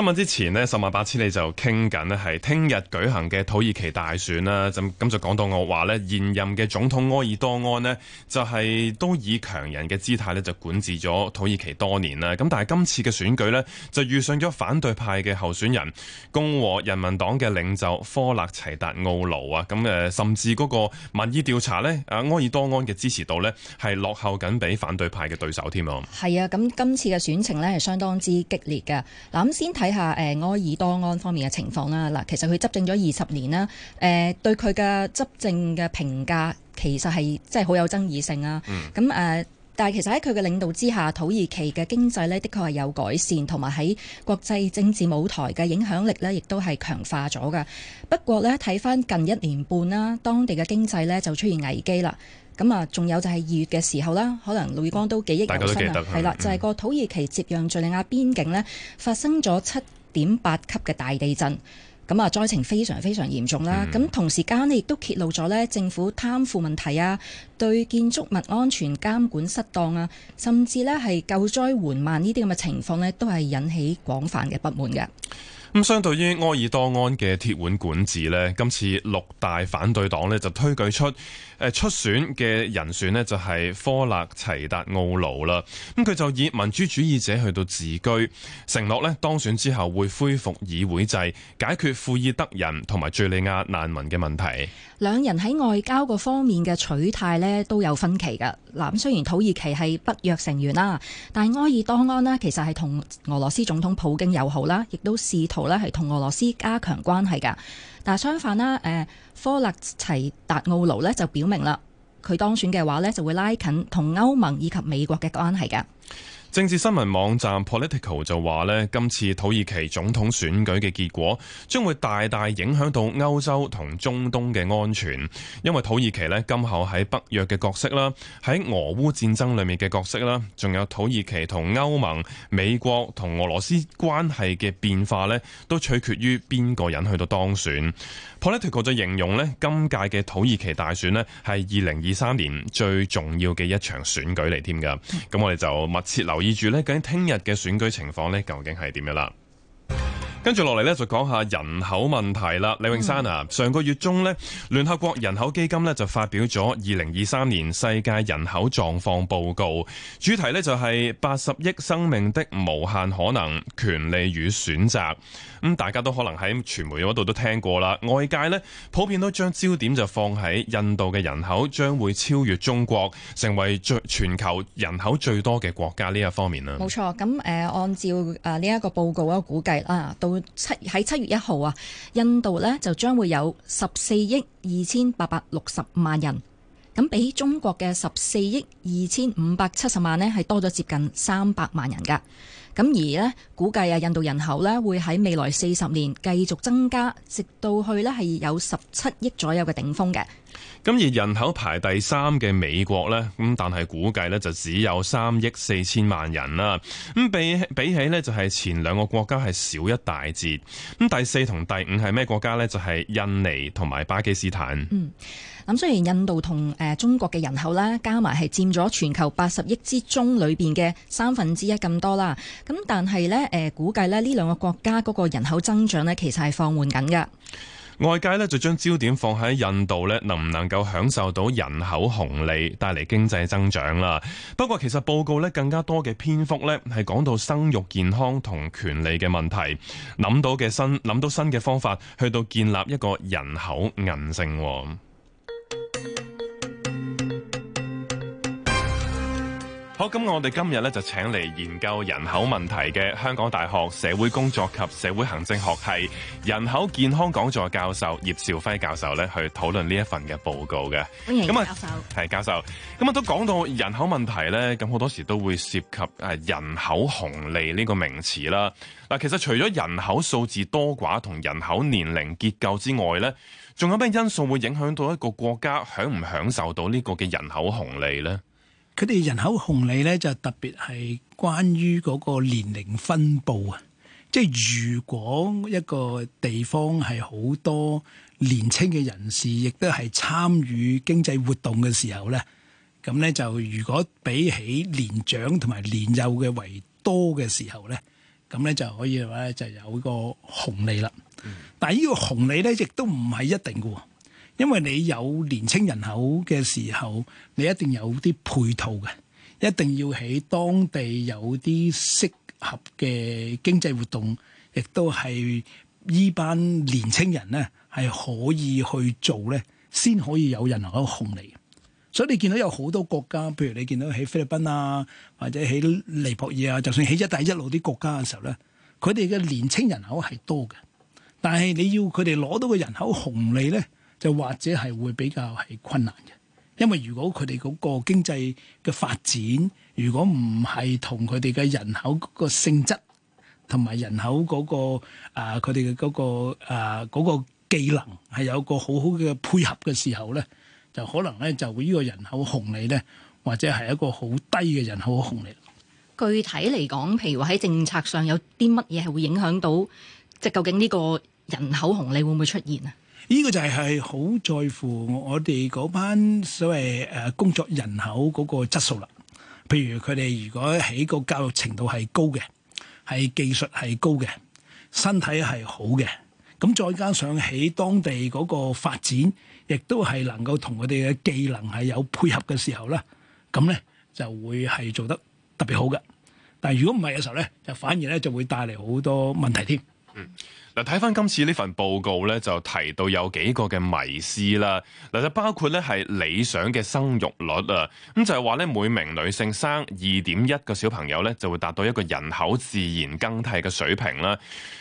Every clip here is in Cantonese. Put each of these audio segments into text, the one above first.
新聞之前呢，十萬八千里就傾緊咧，係聽日舉行嘅土耳其大選啦。咁咁就講到我話呢，現任嘅總統埃爾多安呢，就係都以強人嘅姿態呢，就管治咗土耳其多年啦。咁但係今次嘅選舉呢，就遇上咗反對派嘅候選人共和人民黨嘅領袖科勒齊達奧盧啊。咁誒，甚至嗰個民意調查呢，阿埃爾多安嘅支持度呢，係落後緊畀反對派嘅對手添啊。係啊，咁今次嘅選情呢，係相當之激烈嘅。嗱，先睇。睇下、呃、埃爾多安方面嘅情況啦。嗱，其實佢執政咗二十年啦，誒、呃、對佢嘅執政嘅評價其實係即係好有爭議性啊。咁誒、嗯嗯，但係其實喺佢嘅領導之下，土耳其嘅經濟呢，的確係有改善，同埋喺國際政治舞台嘅影響力呢，亦都係強化咗㗎。不過呢，睇翻近一年半啦，當地嘅經濟呢就出現危機啦。咁啊，仲有就係二月嘅時候啦，可能累光都幾大家都記得，係、嗯、啦，就係、是、個土耳其接壤敘利亞邊境咧發生咗七點八級嘅大地震，咁啊災情非常非常嚴重啦。咁、嗯、同時間你亦都揭露咗咧政府貪腐問題啊，對建築物安全監管失當啊，甚至咧係救災緩慢呢啲咁嘅情況咧，都係引起廣泛嘅不滿嘅。咁相對於埃爾多安嘅鐵腕管治咧，今次六大反對黨咧就推舉出。出選嘅人選咧就係科勒齊達奧盧啦，咁佢就以民主主義者去到自居，承諾咧當選之後會恢復議會制，解決庫爾德人同埋敘利亞難民嘅問題。兩人喺外交個方面嘅取態咧都有分歧㗎。嗱，咁雖然土耳其係北約成員啦，但係埃爾多安啦其實係同俄羅斯總統普京友好啦，亦都試圖咧係同俄羅斯加強關係㗎。嗱，相反啦，誒科勒齊達奧盧咧就表明啦，佢當選嘅話咧就會拉近同歐盟以及美國嘅關係嘅。政治新聞網站 Politico 就話呢今次土耳其總統選舉嘅結果，將會大大影響到歐洲同中東嘅安全，因為土耳其呢，今後喺北約嘅角色啦，喺俄烏戰爭裏面嘅角色啦，仲有土耳其同歐盟、美國同俄羅斯關係嘅變化呢，都取決於邊個人去到當選。Politico 就形容呢，今屆嘅土耳其大選呢，係二零二三年最重要嘅一場選舉嚟添㗎。咁我哋就密切留。留意住咧，究竟聽日嘅選舉情況咧，究竟係點樣啦？跟住落嚟咧，就講下人口問題啦，李永山啊，嗯、上個月中呢，聯合國人口基金呢，就發表咗二零二三年世界人口狀況報告，主題呢、就是，就係八十億生命的無限可能、權利與選擇。咁、嗯、大家都可能喺傳媒嗰度都聽過啦，外界呢，普遍都將焦點就放喺印度嘅人口將會超越中國，成為最全球人口最多嘅國家呢一方面啦。冇錯，咁誒、呃，按照誒呢一個報告嘅啊，估計啊，到七喺七月一號啊，印度呢就將會有十四億二千八百六十萬人，咁比中國嘅十四億二千五百七十萬呢，係多咗接近三百萬人噶，咁而呢，估計啊，印度人口呢會喺未來四十年繼續增加，直到去呢係有十七億左右嘅頂峰嘅。咁而人口排第三嘅美國呢，咁但係估計呢就只有三億四千萬人啦。咁比比起呢，就係前兩個國家係少一大截。咁第四同第五係咩國家呢？就係、是、印尼同埋巴基斯坦。嗯，咁雖然印度同誒中國嘅人口啦，加埋係佔咗全球八十億之中裏邊嘅三分之一咁多啦。咁但係呢，誒，估計呢，呢兩個國家嗰個人口增長呢，其實係放緩緊㗎。外界咧，就將焦點放喺印度咧，能唔能夠享受到人口紅利帶嚟經濟增長啦。不過其實報告咧更加多嘅篇幅咧，係講到生育健康同權利嘅問題，諗到嘅新諗到新嘅方法去到建立一個人口銀盛。好，咁我哋今日咧就請嚟研究人口問題嘅香港大學社會工作及社會行政學係人口健康講座教授葉兆輝教授咧去討論呢一份嘅報告嘅。歡迎好，咁啊教授，係教授。咁啊，都講到人口問題咧，咁好多時都會涉及誒人口紅利呢個名詞啦。嗱，其實除咗人口數字多寡同人口年齡結構之外咧，仲有咩因素會影響到一個國家享唔享受到呢個嘅人口紅利咧？佢哋人口紅利咧，就特別係關於嗰個年齡分佈啊。即係如果一個地方係好多年青嘅人士，亦都係參與經濟活動嘅時候咧，咁咧就如果比起年長同埋年幼嘅為多嘅時候咧，咁咧就可以話咧就有一個紅利啦。嗯、但係呢個紅利咧，亦都唔係一定嘅喎。因為你有年輕人口嘅時候，你一定有啲配套嘅，一定要喺當地有啲適合嘅經濟活動，亦都係呢班年青人咧係可以去做咧，先可以有人口紅利。所以你見到有好多國家，譬如你見到喺菲律賓啊，或者喺尼泊爾啊，就算喺一帶一路啲國家嘅時候咧，佢哋嘅年輕人口係多嘅，但係你要佢哋攞到個人口紅利咧。就或者係會比較係困難嘅，因為如果佢哋嗰個經濟嘅發展，如果唔係同佢哋嘅人口個性質同埋人口嗰個啊，佢哋嘅個誒啊嗰個技能係有個好好嘅配合嘅時候咧，就可能咧就會呢個人口紅利咧，或者係一個好低嘅人口紅利。具體嚟講，譬如話喺政策上有啲乜嘢係會影響到，即係究竟呢個人口紅利會唔會出現啊？呢個就係係好在乎我哋嗰班所謂誒工作人口嗰個質素啦。譬如佢哋如果喺個教育程度係高嘅，係技術係高嘅，身體係好嘅，咁再加上喺當地嗰個發展，亦都係能夠同佢哋嘅技能係有配合嘅時候啦，咁咧就會係做得特別好嘅。但係如果唔係嘅時候咧，就反而咧就會帶嚟好多問題添。嗯。嗱，睇翻今次呢份報告咧，就提到有幾個嘅迷思啦。嗱，就包括咧係理想嘅生育率啊，咁就係話咧每名女性生二點一個小朋友咧，就會達到一個人口自然更替嘅水平啦。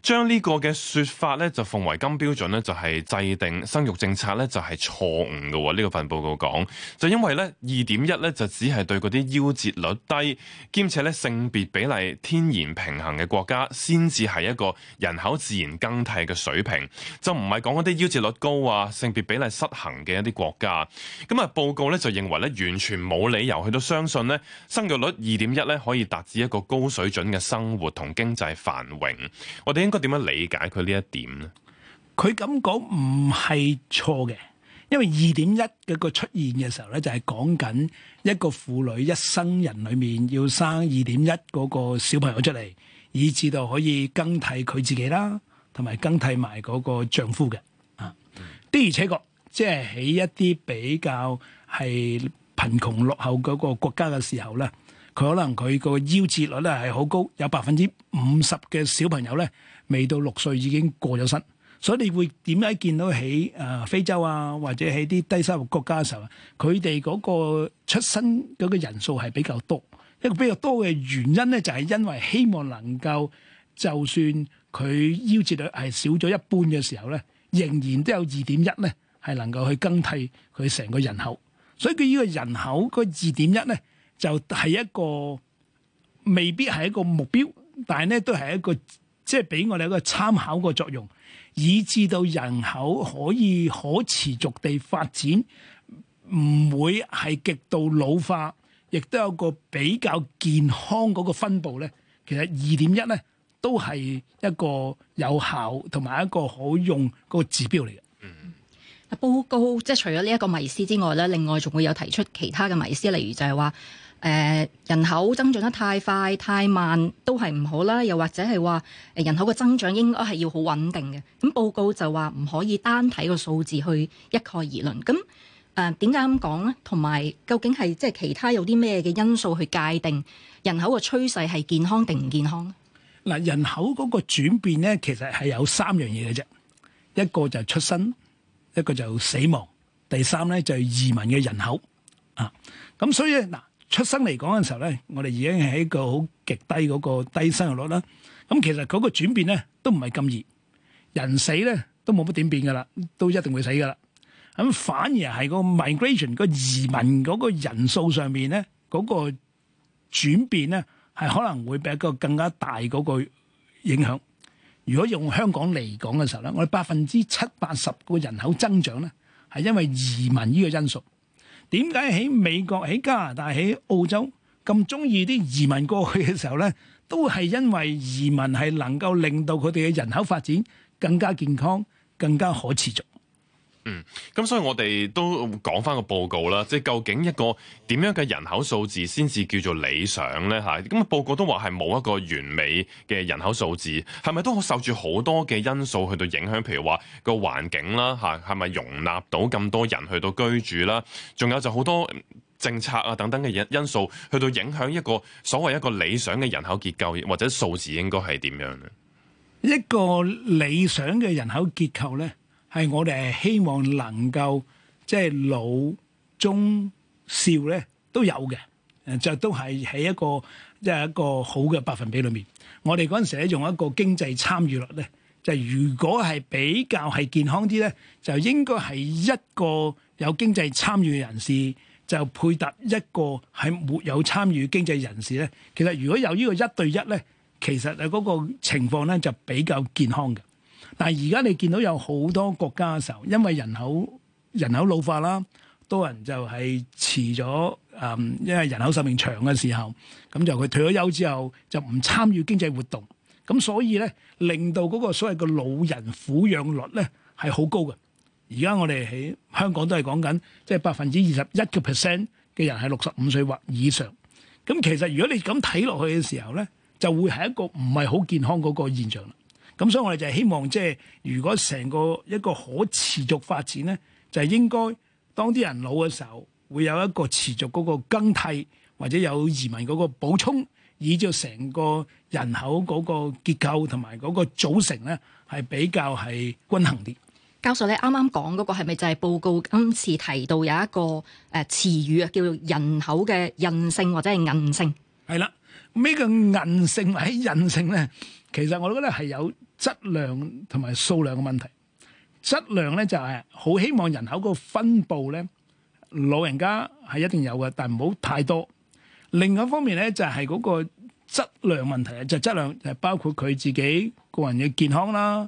將呢個嘅說法咧，就奉為金標準咧，就係制定生育政策咧，就係錯誤嘅喎。呢個份報告講，就因為咧二點一咧，就只係對嗰啲夭折率低兼且咧性別比例天然平衡嘅國家先至係一個人口自然更替嘅水平，就唔係講嗰啲夭折率高啊、性別比例失衡嘅一啲國家。咁啊，報告咧就認為咧，完全冇理由去到相信咧生育率二點一咧可以達至一個高水準嘅生活同經濟繁榮，我哋應該點樣理解佢呢一點咧？佢咁講唔係錯嘅，因為二點一嗰個出現嘅時候咧，就係講緊一個婦女一生人裏面要生二點一嗰個小朋友出嚟，以至到可以更替佢自己啦。同埋更替埋嗰個丈夫嘅，啊的而且確，即係喺一啲比較係貧窮落後嗰個國家嘅時候咧，佢可能佢個夭折率咧係好高，有百分之五十嘅小朋友咧未到六歲已經過咗身，所以你會點解見到喺誒非洲啊，或者喺啲低收入國家嘅時候，佢哋嗰個出生嗰個人數係比較多，一個比較多嘅原因咧就係因為希望能夠就算。佢夭折率係少咗一半嘅時候咧，仍然都有二點一咧，係能夠去更替佢成個人口。所以佢呢個人口嗰二點一咧，就係一個未必係一個目標，但係咧都係一個即係俾我哋一個參考個作用，以致到人口可以可持續地發展，唔會係極度老化，亦都有個比較健康嗰個分布咧。其實二點一咧。都係一個有效同埋一個可用個指標嚟嘅。嗯，報告即係除咗呢一個迷思之外咧，另外仲會有提出其他嘅迷思，例如就係話誒人口增長得太快、太慢都係唔好啦。又或者係話誒人口嘅增長應該係要好穩定嘅。咁報告就話唔可以單睇個數字去一概而論。咁誒點解咁講咧？同埋究竟係即係其他有啲咩嘅因素去界定人口嘅趨勢係健康定唔健康咧？嗯嗱，人口嗰個轉變咧，其實係有三樣嘢嘅啫，一個就出生，一個就死亡，第三咧就移民嘅人口啊。咁所以嗱，出生嚟講嘅時候咧，我哋已經係一個好極低嗰個低生育率啦。咁其實嗰個轉變咧都唔係咁易，人死咧都冇乜點變噶啦，都一定會死噶啦。咁反而係個 migration 個移民嗰個人數上面咧嗰個轉變咧。係可能會俾一個更加大嗰個影響。如果用香港嚟講嘅時候咧，我哋百分之七八十個人口增長咧，係因為移民呢個因素。點解喺美國、喺加拿大、喺澳洲咁中意啲移民過去嘅時候咧，都係因為移民係能夠令到佢哋嘅人口發展更加健康、更加可持續。嗯，咁所以我哋都講翻個報告啦，即係究竟一個點樣嘅人口數字先至叫做理想呢？吓，咁報告都話係冇一個完美嘅人口數字，係咪都受住好多嘅因素去到影響？譬如話個環境啦，吓係咪容納到咁多人去到居住啦？仲有就好多政策啊等等嘅因素去到影響一個所謂一個理想嘅人口結構，或者數字應該係點樣呢？一個理想嘅人口結構呢。係我哋係希望能夠即係老中少咧都有嘅，就都係喺一個即係一個好嘅百分比裏面。我哋嗰陣時咧用一個經濟參與率咧，就如果係比較係健康啲咧，就應該係一個有經濟參與嘅人士就配搭一個係沒有參與經濟人士咧。其實如果有呢個一對一咧，其實誒嗰個情況咧就比較健康嘅。但係而家你見到有好多國家嘅時候，因為人口人口老化啦，多人就係遲咗，嗯，因為人口壽命長嘅時候，咁就佢退咗休之後就唔參與經濟活動，咁所以咧令到嗰個所謂嘅老人撫養率咧係好高嘅。而家我哋喺香港都係講緊，即係百分之二十一嘅 percent 嘅人係六十五歲或以上。咁其實如果你咁睇落去嘅時候咧，就會係一個唔係好健康嗰個現象啦。咁所以我哋就希望，即係如果成個一個可持續發展咧，就應該當啲人老嘅時候，會有一個持續嗰個更替，或者有移民嗰個補充，以至成個人口嗰個結構同埋嗰個組成咧，係比較係均衡啲。教授，你啱啱講嗰個係咪就係報告今次提到有一個誒詞語啊，叫做人口嘅韌性或者係韌性？係啦。咩叫韌性或者韌性咧，其實我覺得係有質量同埋數量嘅問題。質量咧就係、是、好希望人口個分布咧，老人家係一定有嘅，但唔好太多。另外一方面咧，就係、是、嗰個質量問題，就質、是、量、就是、包括佢自己個人嘅健康啦，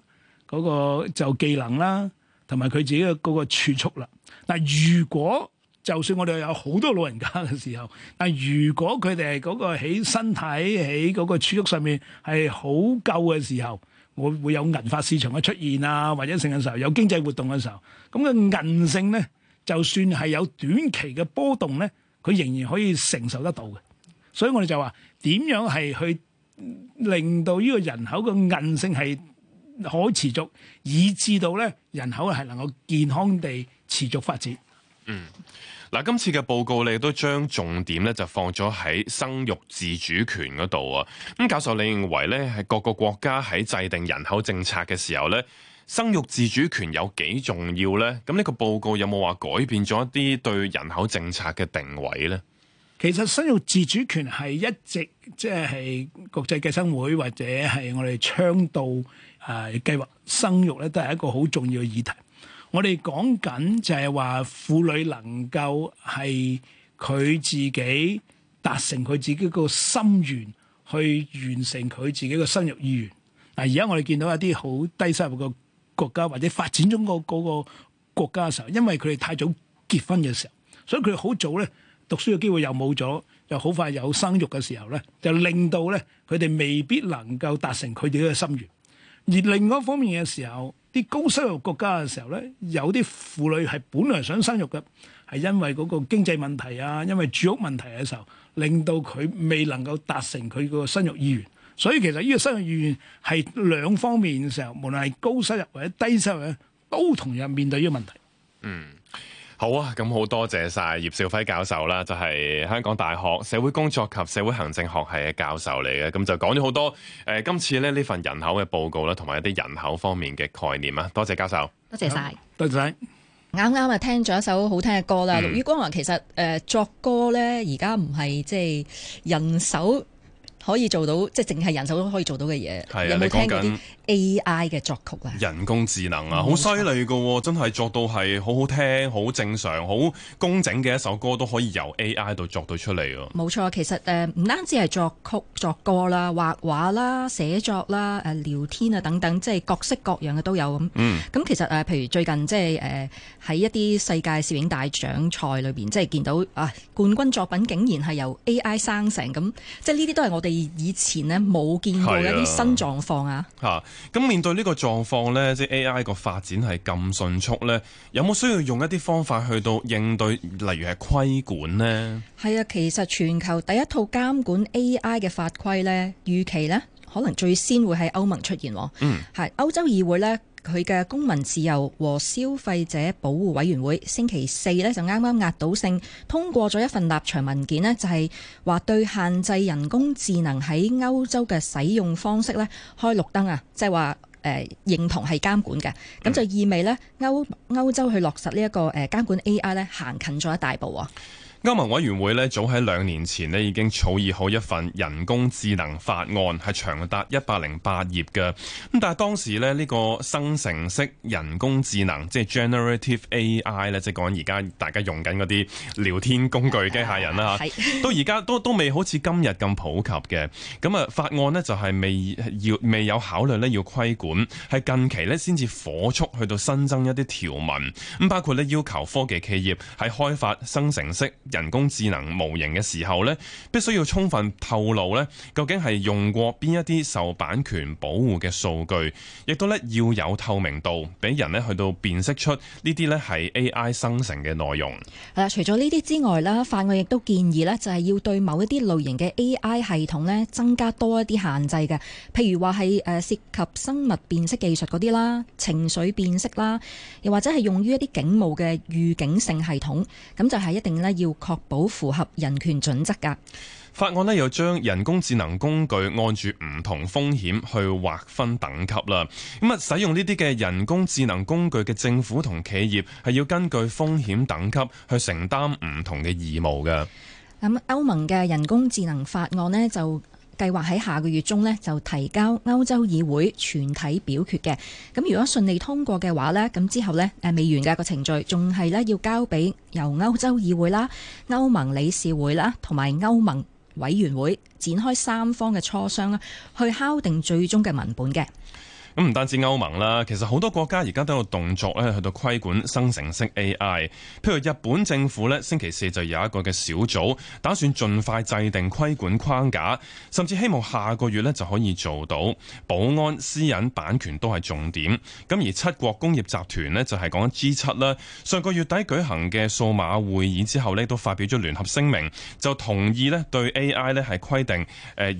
嗰、那個就技能啦，同埋佢自己嘅嗰個儲蓄啦。但如果就算我哋有好多老人家嘅時候，但係如果佢哋係嗰個喺身體喺嗰個儲蓄上面係好夠嘅時候，我會有銀髮市場嘅出現啊，或者成日時候有經濟活動嘅時候，咁個韌性咧，就算係有短期嘅波動咧，佢仍然可以承受得到嘅。所以我哋就話點樣係去令到呢個人口嘅韌性係可持續，以至到咧人口係能夠健康地持續發展。嗯，嗱，今次嘅報告你都將重點咧就放咗喺生育自主權嗰度啊。咁教授，你認為咧係各個國家喺制定人口政策嘅時候咧，生育自主權有幾重要咧？咁呢個報告有冇話改變咗一啲對人口政策嘅定位咧？其實生育自主權係一直即係、係、國際計生會或者係我哋倡導誒計劃生育咧，都係一個好重要嘅議題。我哋講緊就係話，婦女能夠係佢自己達成佢自己個心願，去完成佢自己個生育意願。嗱，而家我哋見到一啲好低收入嘅國家，或者發展中的個嗰個國家嘅時候，因為佢哋太早結婚嘅時候，所以佢好早咧讀書嘅機會又冇咗，又好快有生育嘅時候咧，就令到咧佢哋未必能夠達成佢哋嘅心願。而另外一方面嘅時候，啲高收入國家嘅時候咧，有啲婦女係本來想生育嘅，係因為嗰個經濟問題啊，因為住屋問題嘅時候，令到佢未能夠達成佢個生育意願。所以其實呢個生育意願係兩方面嘅時候，無論係高收入或者低收入咧，都同樣面對呢個問題。嗯。好啊，咁好多謝晒葉兆輝教授啦，就係、是、香港大學社會工作及社會行政學系嘅教授嚟嘅，咁就講咗好多，誒、呃，今次咧呢份人口嘅報告啦，同埋一啲人口方面嘅概念啊，多謝教授，多謝晒，多謝。啱啱啊，聽咗一首好聽嘅歌啦，嗯《雨光華》，其實誒、呃、作歌咧，而家唔係即係人手，可以做到即係淨係人手都可以做到嘅嘢，啊，你講緊 A I 嘅作曲啊？人工智能啊，好犀利噶，真係作到係好好聽、好正常、好工整嘅一首歌都可以由 A I 度作到出嚟啊！冇錯，其實誒唔單止係作曲作歌啦、畫畫啦、寫作啦、誒聊天啊等等，即係各式各樣嘅都有咁。嗯，咁其實誒，譬如最近即係誒喺一啲世界攝影大獎賽裏邊，即係見到啊、哎、冠軍作品竟然係由 A I 生成，咁即係呢啲都係我哋。以前咧，冇見過的一啲新狀況係啊！嚇，咁面對呢個狀況呢，即係 A I 個發展係咁迅速呢，有冇需要用一啲方法去到應對？例如係規管呢？係啊，其實全球第一套監管 A I 嘅法規呢，預期呢，可能最先會喺歐盟出現。嗯，係歐洲議會呢。佢嘅公民自由和消費者保護委員會星期四咧就啱啱壓倒性通過咗一份立場文件呢，就係話對限制人工智能喺歐洲嘅使用方式咧，開綠燈啊，即係話、呃、認同係監管嘅，咁就意味呢，歐，歐洲去落實呢一個監管 AI 咧行近咗一大步啊。歐盟委員會咧早喺兩年前呢已經草擬好一份人工智能法案，係長達一百零八頁嘅。咁但係當時咧呢個生成式人工智能，即係 generative AI 咧，即係講而家大家用緊嗰啲聊天工具機械人啦、啊、都到而家都都未好似今日咁普及嘅。咁啊法案呢就係未要未有考慮咧要規管，係近期呢先至火速去到新增一啲條文，咁包括呢要求科技企業喺開發生成式人工智能模型嘅時候咧，必須要充分透露咧，究竟係用過邊一啲受版權保護嘅數據，亦都咧要有透明度，俾人咧去到辨識出呢啲咧係 AI 生成嘅內容。係啦，除咗呢啲之外咧，法案亦都建議咧，就係要對某一啲類型嘅 AI 系統咧，增加多一啲限制嘅，譬如話係誒涉及生物辨識技術嗰啲啦、情緒辨識啦，又或者係用於一啲警務嘅預警性系統，咁就係一定咧要。確保符合人權準則噶。法案呢，又將人工智能工具按住唔同風險去劃分等級啦。咁啊，使用呢啲嘅人工智能工具嘅政府同企業係要根據風險等級去承擔唔同嘅義務噶。咁歐盟嘅人工智能法案呢就，計劃喺下個月中呢，就提交歐洲議會全體表決嘅，咁如果順利通過嘅話呢，咁之後呢，誒、啊、未完嘅個程序仲係呢，要交俾由歐洲議會啦、歐盟理事會啦同埋歐盟委員會展開三方嘅磋商啦，去敲定最終嘅文本嘅。咁唔單止歐盟啦，其實好多國家而家都有動作咧，去到規管生成式 AI。譬如日本政府咧，星期四就有一個嘅小組打算盡快制定規管框架，甚至希望下個月咧就可以做到。保安、私隱、版權都係重點，咁而七國工業集團咧，就係講 G7 啦。上個月底舉行嘅數碼會議之後咧，都發表咗聯合聲明，就同意咧對 AI 咧係規定誒。呃